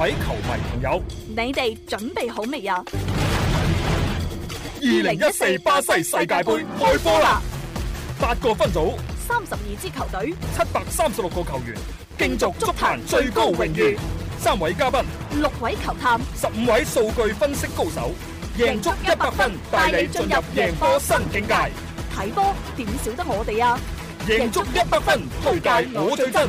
各位球迷朋友，你哋準備好未呀？二零一四巴西世界盃開波啦！八個分組，三十二支球隊，七百三十六個球員，競逐足壇最高榮譽。三位嘉賓，六位球探，十五位數據分析高手，贏足一百分，帶你進入贏波新境界。睇波點少得我哋呀？贏足一百分，推介我最真。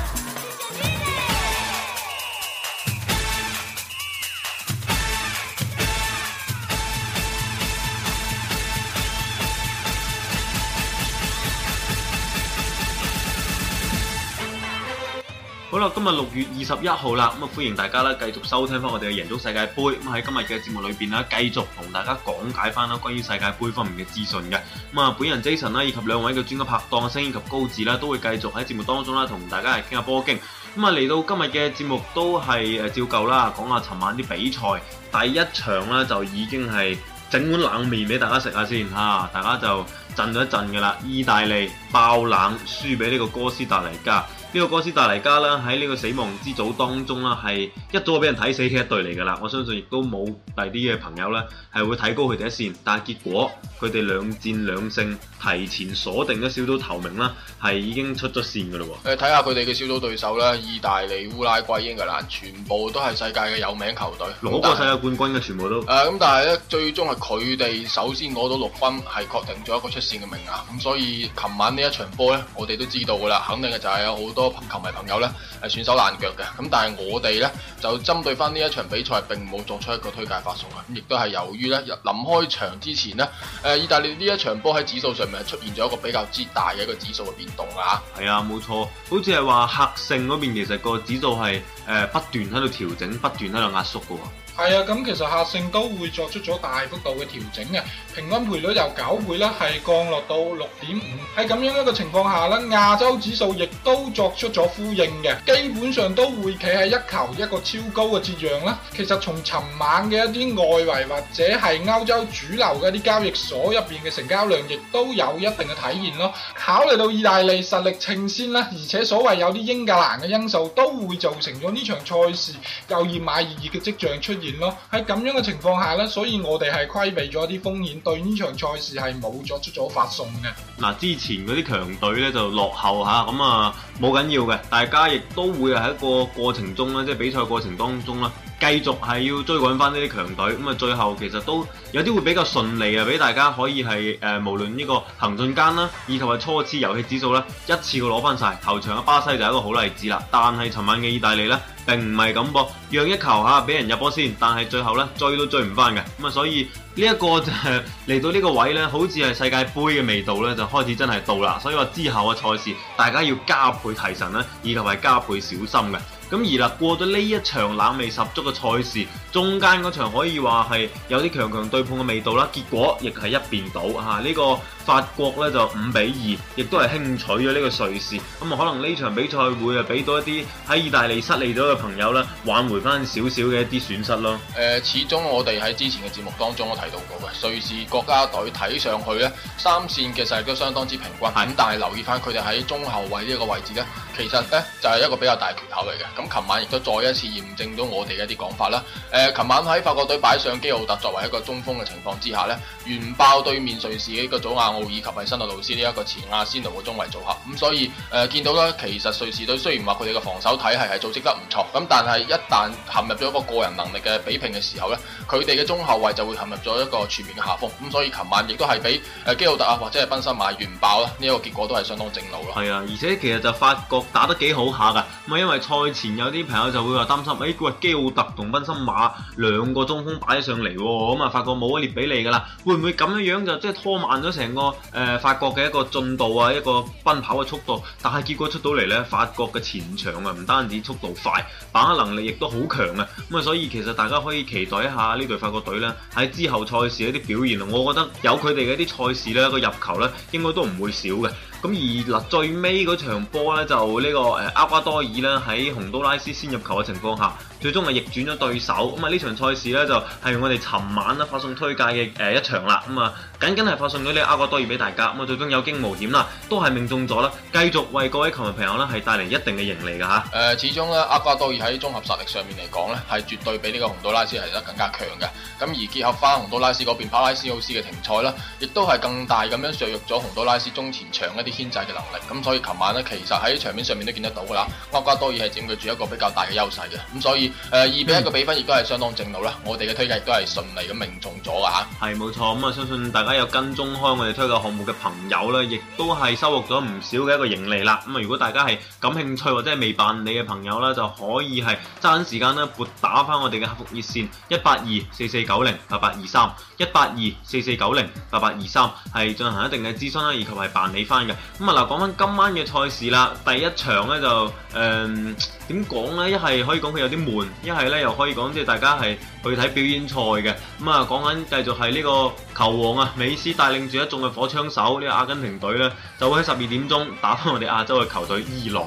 今日六月二十一號啦，咁啊歡迎大家繼續收聽翻我哋嘅《贏足世界盃》。咁喺今日嘅節目裏邊繼續同大家講解翻啦，關於世界盃方面嘅資訊嘅。咁啊，本人 Jason 啦，以及兩位嘅專科拍檔聲以及高志啦，都會繼續喺節目當中啦，同大家係傾下波經。咁啊，嚟到今日嘅節目都係誒照舊啦，講下尋晚啲比賽。第一場咧就已經係整碗冷麵俾大家食下先吓，大家就震咗一震噶啦。意大利爆冷輸俾呢個哥斯達黎加。呢個哥斯達黎加啦，喺呢個死亡之組當中啦，係一早俾人睇死嘅一隊嚟噶啦。我相信亦都冇第啲嘅朋友啦，係會睇高佢哋一線。但係結果佢哋兩戰兩勝，提前鎖定咗小組頭名啦，係已經出咗線噶咯喎。誒，睇下佢哋嘅小組對手啦，意大利、烏拉圭、英格蘭，全部都係世界嘅有名球隊，攞過世界冠軍嘅全部都。誒，咁、呃、但係咧，最終係佢哋首先攞到六分，係確定咗一個出線嘅名額。咁所以琴晚呢一場波咧，我哋都知道噶啦，肯定嘅就係有好多多球迷朋友咧，係選手爛腳嘅，咁但係我哋咧就針對翻呢一場比賽並冇作出一個推介發送啊，咁亦都係由於咧臨開場之前咧，誒，意大利呢一場波喺指數上面出現咗一個比較之大嘅一個指數嘅變動啊，係啊，冇錯，好似係話客勝嗰邊其實個指數係誒、呃、不斷喺度調整，不斷喺度壓縮嘅喎。係啊，咁其實客性都會作出咗大幅度嘅調整嘅，平均賠率由九倍咧係降落到六點五，喺咁樣一個情況下咧，亞洲指數亦都作出咗呼應嘅，基本上都會企喺一球一個超高嘅折讓啦。其實從尋晚嘅一啲外圍或者係歐洲主流嘅一啲交易所入邊嘅成交量，亦都有一定嘅體現咯。考慮到意大利實力稱先啦，而且所謂有啲英格蘭嘅因素，都會造成咗呢場賽事又熱買熱熱嘅跡象出現。咯，喺咁樣嘅情況下呢，所以我哋係規避咗啲風險，對呢場賽事係冇作出咗發送嘅。嗱，之前嗰啲強隊呢就落後吓，咁啊冇緊要嘅，大家亦都會喺一個過程中呢，即係比賽過程當中啦。繼續係要追趕翻呢啲強隊，咁啊最後其實都有啲會比較順利啊，俾大家可以係誒、呃、無論呢個行進間啦，以及係初次遊戲指數咧，一次過攞翻晒。頭場嘅巴西就係一個好例子啦，但係尋晚嘅意大利咧並唔係咁噃，讓一球一下俾人入波先，但係最後咧追都追唔翻嘅。咁啊，所以呢、這、一個就係嚟 到呢個位咧，好似係世界盃嘅味道咧，就開始真係到啦。所以話之後嘅賽事，大家要加倍提神啦，以及係加倍小心嘅。咁而啦，過咗呢一場冷味十足嘅賽事，中間嗰場可以話係有啲強強對碰嘅味道啦。結果亦係一邊倒呢、呢個法國咧就五比二，亦都係輕取咗呢個瑞士。咁啊，可能呢場比賽會啊俾到一啲喺意大利失利咗嘅朋友呢，挽回翻少少嘅一啲損失咯。誒、呃，始終我哋喺之前嘅節目當中都提到過嘅，瑞士國家隊睇上去咧三線嘅實力都相當之平均，咁但係留意翻佢哋喺中後衞呢個個位置咧，其實咧就係、是、一個比較大缺口嚟嘅。咁琴晚亦都再一次驗證到我哋嘅一啲講法啦。誒、呃，琴晚喺法國隊擺上基奧特作為一個中鋒嘅情況之下呢，完爆對面瑞士嘅一個祖亞奧以及係新納魯斯呢一個前亞仙奴嘅中衞組合。咁、嗯、所以誒、呃、見到啦，其實瑞士隊雖然話佢哋嘅防守體系係組織得唔錯，咁、嗯、但係一旦陷入咗一個個人能力嘅比拼嘅時候呢，佢哋嘅中後衞就會陷入咗一個全面嘅下風。咁、嗯、所以琴晚亦都係俾誒基奧特啊或者係賓施馬完爆啦，呢、這、一個結果都係相當正路啦。係啊，而且其實就法國打得幾好下噶，因為賽前。有啲朋友就會話擔心，哎，佢話基奧特同賓森馬兩個中鋒擺上嚟、哦，咁啊發覺冇一列畀你噶啦，會唔會咁樣樣就即係拖慢咗成個誒、呃、法國嘅一個進度啊，一個奔跑嘅速度？但係結果出到嚟呢，法國嘅前場啊，唔單止速度快，把握能力亦都好強啊！咁啊，所以其實大家可以期待一下呢隊法國隊呢喺之後賽事一啲表現，我覺得有佢哋嘅一啲賽事呢個入球呢，應該都唔會少嘅。咁而嗱最尾嗰場波呢，就呢個誒厄瓜多爾呢，喺洪都拉斯先入球嘅情況下，最終係逆轉咗對手，咁啊呢場賽事咧就係用我哋尋晚咧發送推介嘅誒、呃、一場啦，咁啊僅僅係發送咗呢阿瓜多爾俾大家，咁啊最終有驚無險啦，都係命中咗啦，繼續為各位球迷朋友咧係帶嚟一定嘅盈利㗎吓。誒、呃，始終咧阿瓜多爾喺綜合實力上面嚟講咧，係絕對比呢個洪都拉斯係得更加強嘅，咁而結合翻洪都拉斯嗰邊巴拉斯奧斯嘅停賽啦，亦都係更大咁樣削弱咗洪都拉斯中前場一啲牽制嘅能力，咁所以琴晚咧其實喺場面上面都見得到㗎啦，阿瓜多爾係佔據住一個比較大嘅優勢嘅，咁所以。誒，二、uh, 比一嘅比分亦都係相當正路啦，嗯、我哋嘅推介都係順利咁命中咗噶吓。係冇錯，咁、嗯、啊相信大家有跟蹤開我哋推介項目嘅朋友呢，亦都係收穫咗唔少嘅一個盈利啦。咁、嗯、啊，如果大家係感興趣或者係未辦理嘅朋友呢，就可以係揸緊時間呢撥打翻我哋嘅客服熱線一八二四四九零八八二三一八二四四九零八八二三，係進行一定嘅諮詢啦，以及係辦理翻嘅。咁、嗯、啊，嗱，講翻今晚嘅賽事啦，第一場就、呃、怎呢，就誒點講咧？一係可以講佢有啲悶。一係咧又可以講，即係大家係去睇表演賽嘅。咁啊講緊繼續係呢個球王啊，美斯帶領住一眾嘅火槍手呢、呢個阿根廷隊咧，就會喺十二點鐘打翻我哋亞洲嘅球隊伊朗。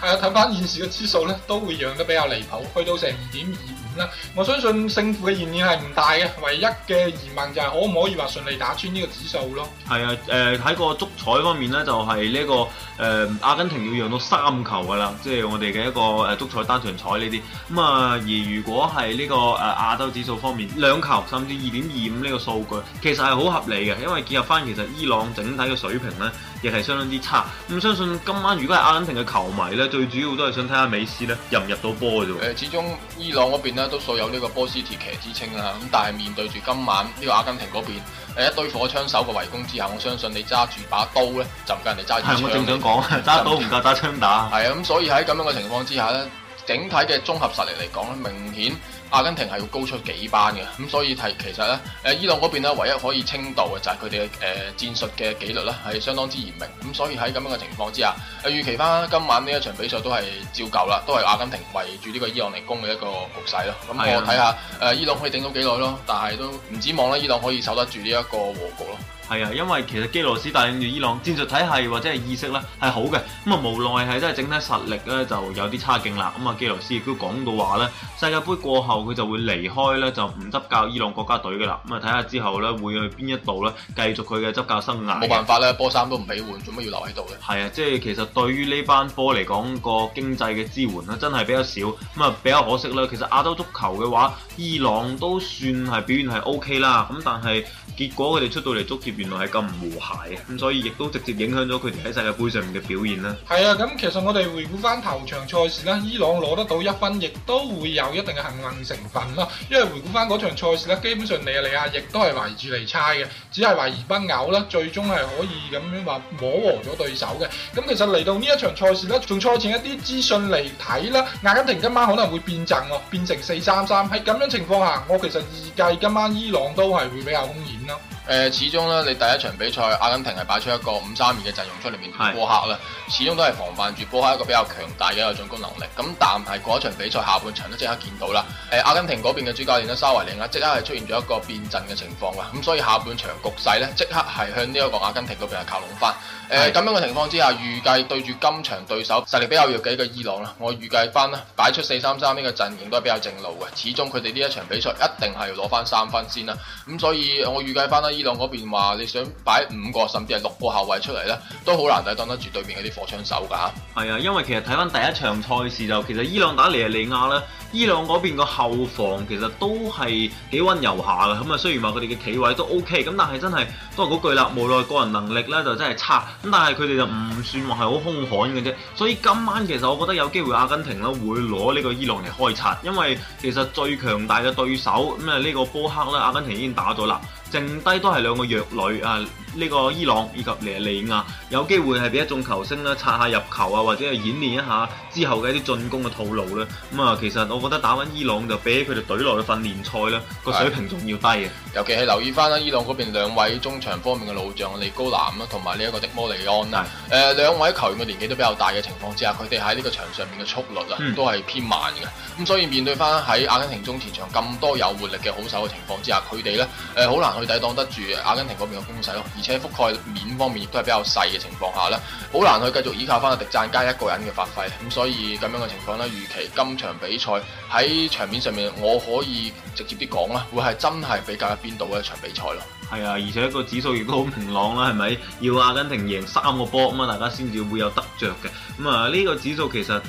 係啊，睇翻現時嘅指數咧，都會讓得比較離譜，去到成二點二。我相信勝負嘅嫌疑係唔大嘅，唯一嘅疑問就係可唔可以話順利打穿呢個指數咯。係啊，誒、呃、喺個足彩方面咧，就係、是、呢、這個誒、呃、阿根廷要讓到三球噶啦，即、就、係、是、我哋嘅一個誒足彩單場彩呢啲。咁啊，而如果係呢、這個誒、呃、亞洲指數方面兩球甚至二點二五呢個數據，其實係好合理嘅，因為結合翻其實伊朗整體嘅水平咧，亦係相當之差。咁相信今晚如果係阿根廷嘅球迷咧，最主要都係想睇下美斯咧入唔入到波嘅啫。誒、呃，始終伊朗嗰邊咧。都素有呢個波斯鐵騎之稱啦，咁但係面對住今晚呢個阿根廷嗰邊誒一堆火槍手嘅圍攻之下，我相信你揸住把刀咧就唔夠人哋揸住槍。我仲想講揸刀唔夠揸槍打。係啊，咁所以喺咁樣嘅情況之下咧，整體嘅綜合實力嚟講咧，明顯，阿根廷係要高出幾班嘅，咁所以係其實咧，誒伊朗嗰邊咧唯一可以稱道嘅就係佢哋嘅誒戰術嘅紀律咧係相當之嚴明，咁所以喺咁樣嘅情況之下，預期翻今晚呢一場比賽都係照舊啦，都係阿根廷圍住呢個伊朗嚟攻嘅一個局勢咯。咁我睇下誒是、啊呃、伊朗可以頂到幾耐咯，但係都唔指望啦，伊朗可以守得住呢一個和局咯。係啊，因為其實基洛斯帶領住伊朗戰術體系或者係意識咧係好嘅，咁啊無奈係真係整體實力咧就有啲差勁啦。咁啊基洛斯亦都講到話咧，世界盃過後佢就會離開咧，就唔執教伊朗國家隊嘅啦。咁啊睇下之後咧會去邊一度咧，繼續佢嘅執教生涯。冇辦法啦，波衫都唔俾換，做乜要留喺度嘅？係啊，即係其實對於呢班波嚟講個經濟嘅支援咧，真係比較少。咁啊比較可惜啦。其實亞洲足球嘅話，伊朗都算係表現係 O K 啦。咁但係。結果佢哋出到嚟，足協原來係咁唔和諧嘅，咁所以亦都直接影響咗佢哋喺世界盃上面嘅表現啦。係啊，咁其實我哋回顧翻頭場賽事咧，伊朗攞得到一分，亦都會有一定嘅幸運成分咯。因為回顧翻嗰場賽事咧，基本上尼日利亞亦都係圍住嚟猜嘅，只係懷疑不咬啦，最終係可以咁樣話磨和咗對手嘅。咁其實嚟到呢一場賽事咧，從賽前一啲資訊嚟睇啦，阿根廷今晚可能會變陣喎，變成四三三。喺咁樣情況下，我其實預計今晚伊朗都係會比較凶險。誒，始終咧，你第一場比賽阿根廷係擺出一個五三二嘅陣容出嚟面對波克啦，是始終都係防範住波克一個比較強大嘅一個進攻能力。咁但係嗰一場比賽下半場都即刻見到啦，誒、呃，阿根廷嗰邊嘅主教練呢，沙維尼亞啦，即刻係出現咗一個變陣嘅情況啦，咁所以下半場局勢咧，即刻係向呢一個阿根廷嗰邊係靠攏翻。誒咁樣嘅情況之下，預計對住今場對手實力比較弱嘅一個伊朗啦，我預計翻啦，擺出四三三呢個陣型都係比較正路嘅。始終佢哋呢一場比賽一定係要攞翻三分先啦。咁所以我預計翻啦，伊朗嗰邊話你想擺五個甚至係六個後衛出嚟呢，都好難抵擋得住對面嗰啲火槍手㗎。係啊，因為其實睇翻第一場賽事就其實伊朗打尼日利亞咧。伊朗嗰邊個後防其實都係幾溫柔下嘅，咁啊雖然話佢哋嘅企位都 OK，咁但係真係都係嗰句啦，無論個人能力咧就真係差，咁但係佢哋就唔算話係好兇悍嘅啫。所以今晚其實我覺得有機會阿根廷咧會攞呢個伊朗嚟開刷，因為其實最強大嘅對手，咁啊呢個波黑呢，阿根廷已經打咗啦，剩低都係兩個弱旅。啊。呢個伊朗以及尼日利亞有機會係俾一眾球星咧刷下入球啊，或者係演練一下之後嘅一啲進攻嘅套路咧。咁、嗯、啊，其實我覺得打緊伊朗就比起佢哋隊內嘅訓練賽咧個水平仲要低嘅。尤其係留意翻啦，伊朗嗰邊兩位中場方面嘅老將李高南啦，同埋呢一個迪摩利安啦。誒的，兩、呃、位球員嘅年紀都比較大嘅情況之下，佢哋喺呢個場上面嘅速率啊，嗯、都係偏慢嘅。咁、嗯、所以面對翻喺阿根廷中前場咁多有活力嘅好手嘅情況之下，佢哋咧誒好難去抵擋得住阿根廷嗰邊嘅攻勢咯，喺覆蓋面方面亦都係比較細嘅情況下咧，好難去繼續依靠翻阿迪贊加一個人嘅發揮，咁所以咁樣嘅情況呢，預期今場比賽喺場面上面，我可以直接啲講啦，會係真係比較一邊倒嘅一場比賽咯。係啊，而且個指數亦都好明朗啦，係咪？要阿根廷贏三個波咁啊，大家先至會有得著嘅。咁、嗯、啊，呢、這個指數其實算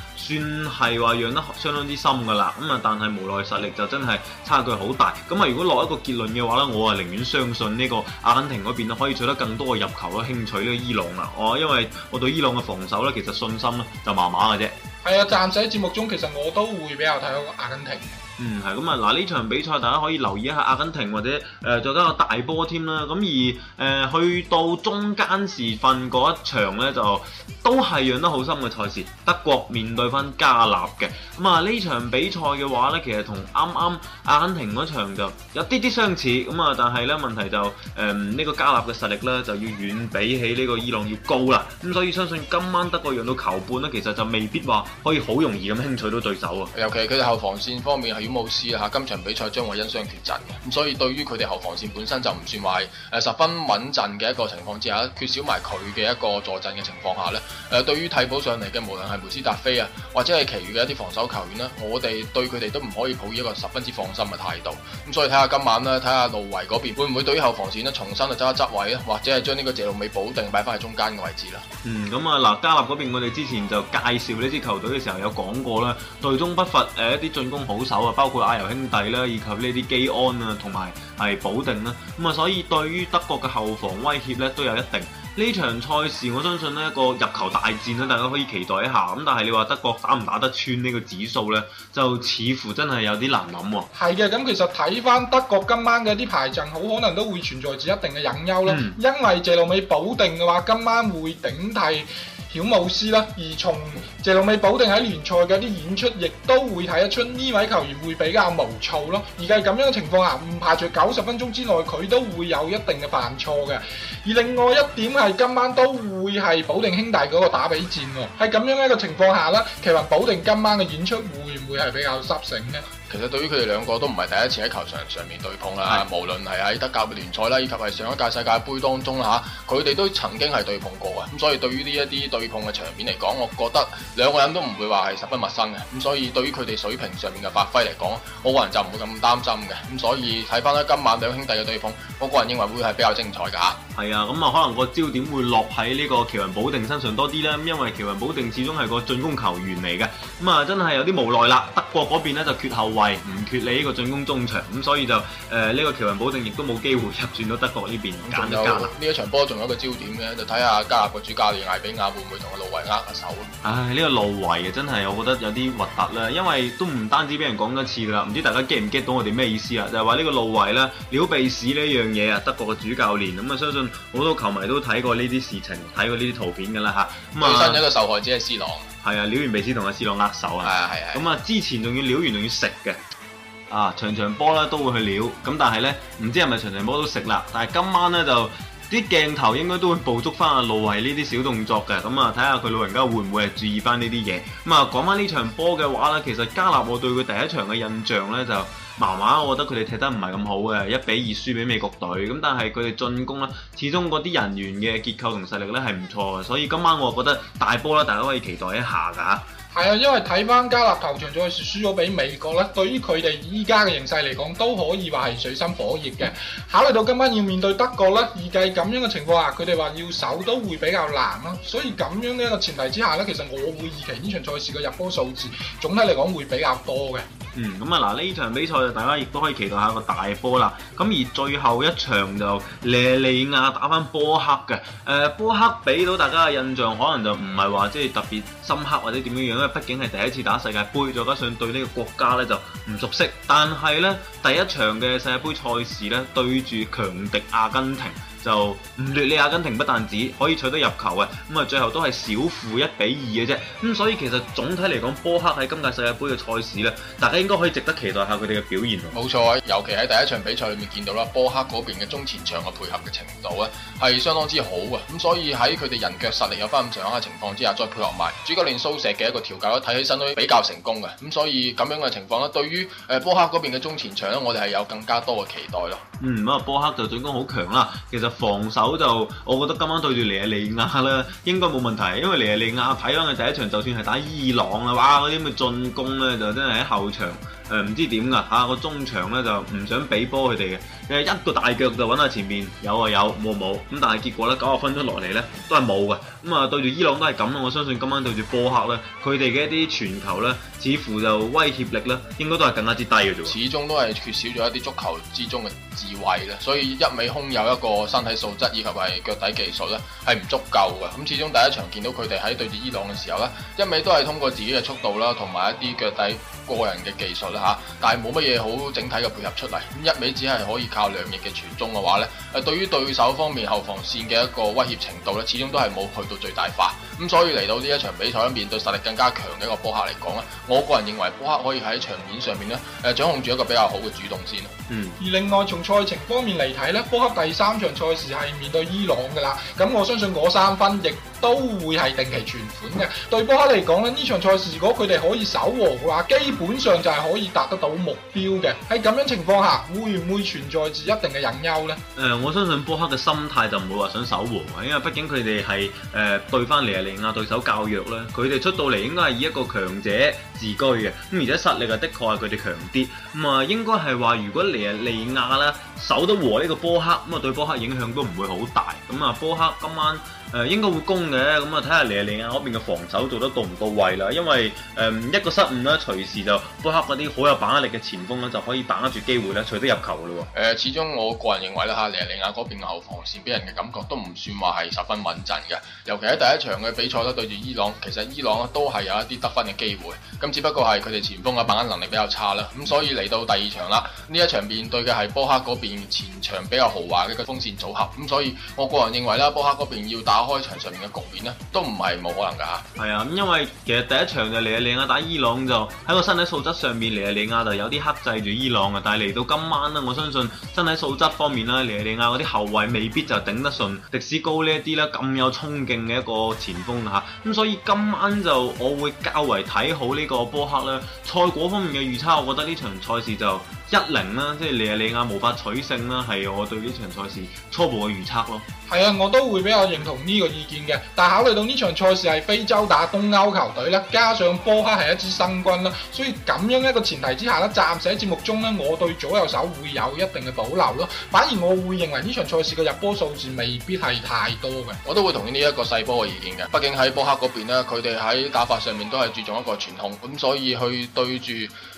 係話讓得相當之深噶啦。咁、嗯、啊，但係無奈實力就真係差距好大。咁、嗯、啊，如果落一個結論嘅話咧，我啊寧願相信呢個阿根廷嗰邊可以取得更多嘅入球嘅興趣咧，呢個伊朗啦。我、嗯、因為我對伊朗嘅防守咧，其實信心咧就麻麻嘅啫。係啊，暫時喺節目中其實我都會比較睇到個阿根廷。嗯，係咁啊！嗱，呢場比賽大家可以留意一下阿根廷，或者誒再睇個大波添啦。咁而誒、呃、去到中間時分嗰一場咧，就都係讓得好深嘅賽事。德國面對翻加納嘅咁啊，呢場比賽嘅話咧，其實同啱啱阿根廷嗰場就有啲啲相似。咁啊，但係咧問題就誒呢、呃這個加納嘅實力咧，就要遠比起呢個伊朗要高啦。咁、啊、所以相信今晚德國讓到球半咧，其實就未必話可以好容易咁輕取到對手啊。尤其佢哋後防線方面係要冇事啦，今場比賽將會因傷缺陣嘅，咁所以對於佢哋後防線本身就唔算壞，誒十分穩陣嘅一個情況之下，缺少埋佢嘅一個助陣嘅情況下呢，誒對於替補上嚟嘅，無論係梅斯達菲啊，或者係其餘嘅一啲防守球員呢，我哋對佢哋都唔可以抱以一個十分之放心嘅態度。咁所以睇下今晚呢，睇下路維嗰邊會唔會對於後防線呢重新去執一執位咧，或者係將呢個謝路美保定擺翻喺中間嘅位置啦。嗯，咁啊嗱，加納嗰邊我哋之前就介紹呢支球隊嘅時候有講過啦，隊中不乏誒一啲進攻好手。啊。包括阿尤兄弟啦，以及呢啲基安啊，同埋係保定啦，咁啊，所以對於德國嘅後防威脅咧都有一定。呢場賽事我相信呢一個入球大戰咧，大家可以期待一下。咁但係你話德國打唔打得穿呢個指數咧，就似乎真係有啲難諗、啊。喎。係嘅，咁其實睇翻德國今晚嘅啲排陣，好可能都會存在住一定嘅隱憂啦。嗯、因為謝路美保定嘅話，今晚會頂替曉姆斯啦，而從謝龍美保定喺聯賽嘅啲演出，亦都會睇得出呢位球員會比較無措咯。而喺咁樣嘅情況下，唔排除九十分鐘之內佢都會有一定嘅犯錯嘅。而另外一點係今晚都會係保定兄弟嗰個打比戰喎。喺咁樣一個情況下啦，其實保定今晚嘅演出會唔會係比較濕醒呢？其實對於佢哋兩個都唔係第一次喺球場上面對碰啦，是的無論係喺德甲聯賽啦，以及係上一屆世界盃當中啦，佢哋都曾經係對碰過嘅，咁所以對於呢一啲對碰嘅場面嚟講，我覺得兩個人都唔會話係十分陌生嘅，咁所以對於佢哋水平上面嘅發揮嚟講，我個人就唔會咁擔心嘅，咁所以睇翻咧今晚兩兄弟嘅對碰，我個人認為會係比較精彩㗎嚇。係啊，咁、嗯、啊可能個焦點會落喺呢個喬雲保定身上多啲啦、嗯，因為喬雲保定始終係個進攻球員嚟嘅，咁、嗯、啊、嗯、真係有啲無奈啦，德國嗰邊咧就缺後。唔缺你呢個進攻中場，咁所以就呢、呃這個條人保證，亦都冇機會入選到德國呢邊揀咗加納。呢一場波仲有一個焦點嘅，就睇下加納個主教練艾比亞會唔會同阿路維握手。唉，呢、這個路維啊，真係我覺得有啲核突啦，因為都唔單止俾人講一次啦，唔知大家 get 唔 get 到我哋咩意思啊？就係話呢個路維啦撩鼻屎呢樣嘢啊，德國嘅主教練咁啊，相信好多球迷都睇過呢啲事情，睇過呢啲圖片噶啦嚇。嗯、最新一個受害者係斯朗。係啊，撩完鼻屎同阿志朗握手啊，咁啊，啊，啊之前仲要撩完仲要食嘅，啊場場波咧都會去撩，咁但係咧唔知係咪場場波都食啦，但係今晚咧就啲鏡頭應該都會捕捉翻阿路維呢啲小動作嘅，咁啊睇下佢老人家會唔會係注意翻呢啲嘢，咁啊講翻呢場波嘅話咧，其實加納我對佢第一場嘅印象咧就。麻麻，我覺得佢哋踢得唔係咁好嘅，一比二輸俾美國隊。咁但係佢哋進攻啦，始終嗰啲人員嘅結構同勢力咧係唔錯嘅，所以今晚我覺得大波啦，大家可以期待一下㗎。係啊，因為睇翻加納頭場賽事輸咗俾美國咧，對於佢哋依家嘅形勢嚟講，都可以話係水深火熱嘅。考慮到今晚要面對德國咧，預計咁樣嘅情況下，佢哋話要守都會比較難咯。所以咁樣嘅一個前提之下咧，其實我會預期呢場賽事嘅入波數字總體嚟講會比較多嘅。嗯，咁啊嗱，呢場比賽大家亦都可以期待一下一個大波啦。咁而最後一場就尼日利亞打翻波克嘅。誒，波克俾到大家嘅印象可能就唔係話即係特別深刻或者點樣樣。因為畢竟係第一次打世界盃，再加上對呢個國家呢就唔熟悉，但係呢第一場嘅世界盃賽事呢對住強敵阿根廷。就唔劣你阿根廷不單止可以取得入球嘅，咁啊最後都係小負一比二嘅啫。咁、嗯、所以其實總體嚟講，波克喺今屆世界盃嘅賽事咧，大家應該可以值得期待下佢哋嘅表現咯。冇錯、啊，尤其喺第一場比賽裏面見到啦，波克嗰邊嘅中前場嘅配合嘅程度咧，係相當之好嘅。咁所以喺佢哋人腳實力有翻咁上下嘅情況之下，再配合埋主教練蘇錫嘅一個調教咧，睇起身都比較成功嘅。咁所以咁樣嘅情況咧，對於誒波克嗰邊嘅中前場咧，我哋係有更加多嘅期待咯。嗯，咁啊波克就進攻好強啦。其實防守就，我覺得今晚對住尼日利亞啦，應該冇問題，因為尼日利亞睇翻嘅第一場，就算係打伊朗啦，哇嗰啲咁嘅進攻咧，就真係喺後場。誒唔知點㗎嚇，個、啊、中場咧就唔想俾波佢哋嘅，一個大腳就搵下前面，有啊有冇冇咁，但係結果咧九十分鐘落嚟咧都係冇嘅，咁、嗯、啊對住伊朗都係咁，我相信今晚對住波黑咧，佢哋嘅一啲傳球咧，似乎就威脅力咧應該都係更加之低嘅啫。始終都係缺少咗一啲足球之中嘅智慧咧，所以一味空有一個身體素質以及係腳底技術咧係唔足夠嘅，咁始終第一場見到佢哋喺對住伊朗嘅時候咧，一味都係通過自己嘅速度啦，同埋一啲腳底。個人嘅技術啦吓，但係冇乜嘢好整體嘅配合出嚟。咁一味只係可以靠兩翼嘅傳中嘅話咧，誒，對於對手方面後防線嘅一個威脅程度咧，始終都係冇去到最大化。咁所以嚟到呢一場比賽面對實力更加強嘅一個波黑嚟講咧，我個人認為波黑可以喺場面上面咧，誒，掌控住一個比較好嘅主動先。嗯。而另外從賽程方面嚟睇咧，波黑第三場賽事係面對伊朗噶啦，咁我相信我三分亦。都會係定期存款嘅，對波黑嚟講咧，呢場賽事如果佢哋可以守和嘅話，基本上就係可以達得到目標嘅。喺咁樣情況下，會唔會存在住一定嘅隱憂呢？誒、呃，我相信波黑嘅心態就唔會話想守和，因為畢竟佢哋係誒對翻尼日利亞對手較弱啦，佢哋出到嚟應該係以一個強者自居嘅。咁而且實力啊的確係佢哋強啲，咁啊應該係話如果尼日利亞啦守得和呢個波黑，咁啊對波黑影響都唔會好大。咁啊波黑今晚。誒應該會攻嘅，咁啊睇下尼日利亞嗰邊嘅防守做得到唔到位啦，因為誒一個失誤咧，隨時就波克嗰啲好有把握力嘅前鋒咧就可以把握住機會咧，取得入球嘅咯喎。誒，始終我個人認為咧吓，尼日利亞嗰邊後防線俾人嘅感覺都唔算話係十分穩陣嘅，尤其喺第一場嘅比賽咧對住伊朗，其實伊朗咧都係有一啲得分嘅機會，咁只不過係佢哋前鋒嘅把握能力比較差啦，咁所以嚟到第二場啦，呢一場面對嘅係波克嗰邊前場比較豪華嘅一個鋒線組合，咁所以我個人認為咧，波克嗰邊要打。打開場上面嘅局面咧，都唔係冇可能噶。係啊，咁因為其實第一場就尼日利亞打伊朗就喺個身體素質上面，尼日利亞就有啲克制住伊朗啊。但係嚟到今晚咧，我相信身體素質方面咧，尼日利亞嗰啲後衛未必就頂得順迪斯高這些呢一啲咧咁有衝勁嘅一個前鋒啊。吓咁，所以今晚就我會較為睇好呢個波克啦。賽果方面嘅預測，我覺得呢場賽事就。一零啦，即係尼日利亞無法取勝啦，係我對呢場賽事初步嘅預測咯。係啊，我都會比較認同呢個意見嘅。但考慮到呢場賽事係非洲打東歐球隊啦，加上波黑係一支新軍啦，所以咁樣一個前提之下呢，暫時喺節目中呢，我對左右手會有一定嘅保留咯。反而我會認為呢場賽事嘅入波數字未必係太多嘅。我都會同意呢一個細波嘅意見嘅。畢竟喺波黑嗰邊咧，佢哋喺打法上面都係注重一個傳控，咁所以去對住，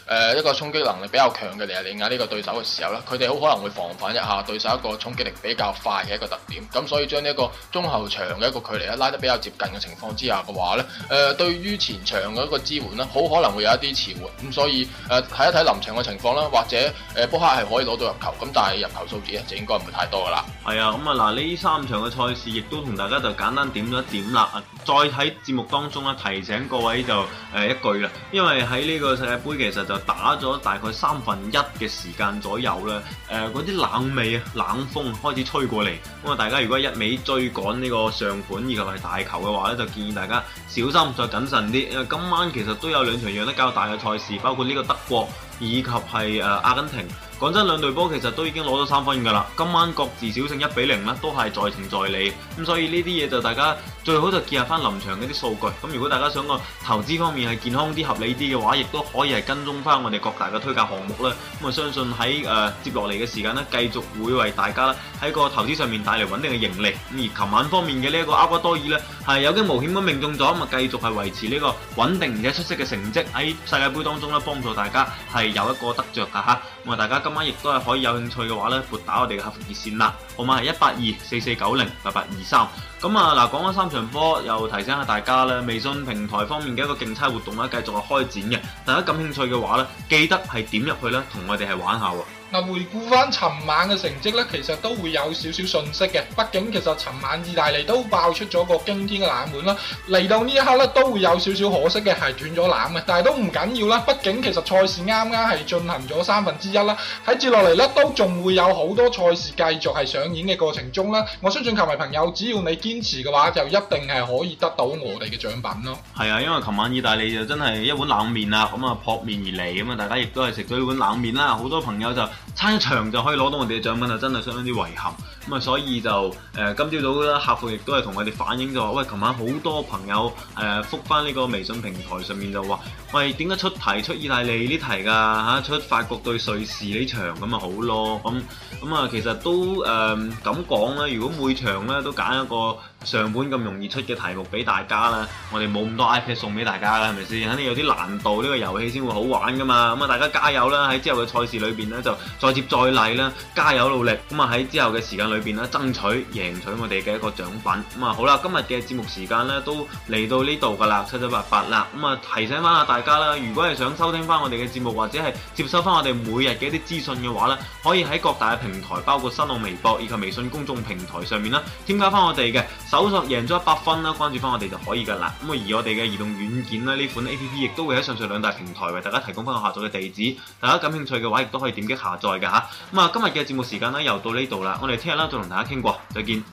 誒、呃、一個衝擊能力比較強嘅尼日利亞呢個對手嘅時候啦，佢哋好可能會防範一下對手一個衝擊力比較快嘅一個特點，咁所以將呢一個中後場嘅一個距離咧拉得比較接近嘅情況之下嘅話咧，誒、呃、對於前場嘅一個支援咧，好可能會有一啲遲緩，咁所以誒睇、呃、一睇臨場嘅情況啦，或者誒、呃、波黑係可以攞到入球，咁但係入球數字就應該唔會太多噶啦。係啊，咁啊嗱，呢三場嘅賽事亦都同大家就簡單點咗點啦，再喺節目當中啊，提醒各位就誒一句啦，因為喺呢個世界杯其實。就打咗大概三分一嘅時間左右啦。誒，嗰啲冷味啊、冷風開始吹過嚟，咁啊，大家如果一味追趕呢個上盤以及係大球嘅話咧，就建議大家小心再謹慎啲。因為今晚其實都有兩場讓得較大嘅賽事，包括呢個德國。以及係誒、呃、阿根廷，講真兩隊波其實都已經攞咗三分㗎啦。今晚各自小勝一比零咧，都係在情在理。咁所以呢啲嘢就大家最好就結合翻臨場嗰啲數據。咁如果大家想個投資方面係健康啲、合理啲嘅話，亦都可以係跟蹤翻我哋各大嘅推介項目啦。咁啊，相信喺誒、呃、接落嚟嘅時間呢，繼續會為大家喺個投資上面帶嚟穩定嘅盈利。而琴晚方面嘅呢一個厄瓜多爾呢，係有驚無險咁命中咗，咁啊繼續係維持呢個穩定而且出色嘅成績喺世界盃當中咧，幫助大家係。有一個得着㗎吓，咁啊大家今晚亦都係可以有興趣嘅話咧，撥打我哋嘅客服熱線啦。號碼係一八二四四九零八八二三。咁啊嗱，講咗三場波，又提醒下大家啦。微信平台方面嘅一個競猜活動咧，繼續係開展嘅。大家感興趣嘅話咧，記得係點入去咧，同我哋係玩下喎。嗱，回顧翻尋晚嘅成績咧，其實都會有少少信息嘅。畢竟其實尋晚意大利都爆出咗個驚天嘅冷門啦，嚟到呢一刻咧都會有少少可惜嘅，係斷咗冷嘅，但係都唔緊要啦。畢竟其實賽事啱啱係進行咗三分之一啦，喺接落嚟咧都仲會有好多賽事繼續係上演嘅過程中咧，我相信球迷朋友只要你堅持嘅話，就一定係可以得到我哋嘅獎品咯。係啊，因為琴晚意大利就真係一碗冷麵啊，咁啊撲面而嚟咁啊，大家亦都係食咗一碗冷麵啦。好多朋友就差一場就可以攞到我哋嘅獎品啊，真係相當之遺憾咁啊。所以就誒、呃、今朝早啦，客服亦都係同我哋反映咗話，喂，琴晚好多朋友誒、呃、覆翻呢個微信平台上面就話：喂，點解出題出意大利呢題噶吓、啊？出法國對瑞士呢場咁啊好咯，咁咁啊其實都誒。呃咁講咧，如果每場咧都揀一個。上本咁容易出嘅題目俾大家啦，我哋冇咁多 iPad 送俾大家啦，係咪先？肯定有啲難度呢個遊戲先會好玩噶嘛，咁啊大家加油啦！喺之後嘅賽事裏邊咧，就再接再厲啦，加油努力！咁啊喺之後嘅時間裏邊咧，爭取贏取我哋嘅一個獎品。咁啊好啦，今日嘅節目時間咧都嚟到呢度噶啦，七七八八啦。咁啊提醒翻下大家啦，如果係想收聽翻我哋嘅節目或者係接收翻我哋每日嘅一啲資訊嘅話咧，可以喺各大嘅平台，包括新浪微博以及微信公眾平台上面啦，添加翻我哋嘅。搜索贏咗一百分啦，關注翻我哋就可以噶啦。咁啊，而我哋嘅移動軟件咧，呢款 A P P 亦都會喺上述兩大平台為大家提供翻個下載嘅地址。大家感興趣嘅話，亦都可以點擊下載噶吓。咁啊，今日嘅節目時間呢，又到呢度啦。我哋聽日啦，再同大家傾過，再見。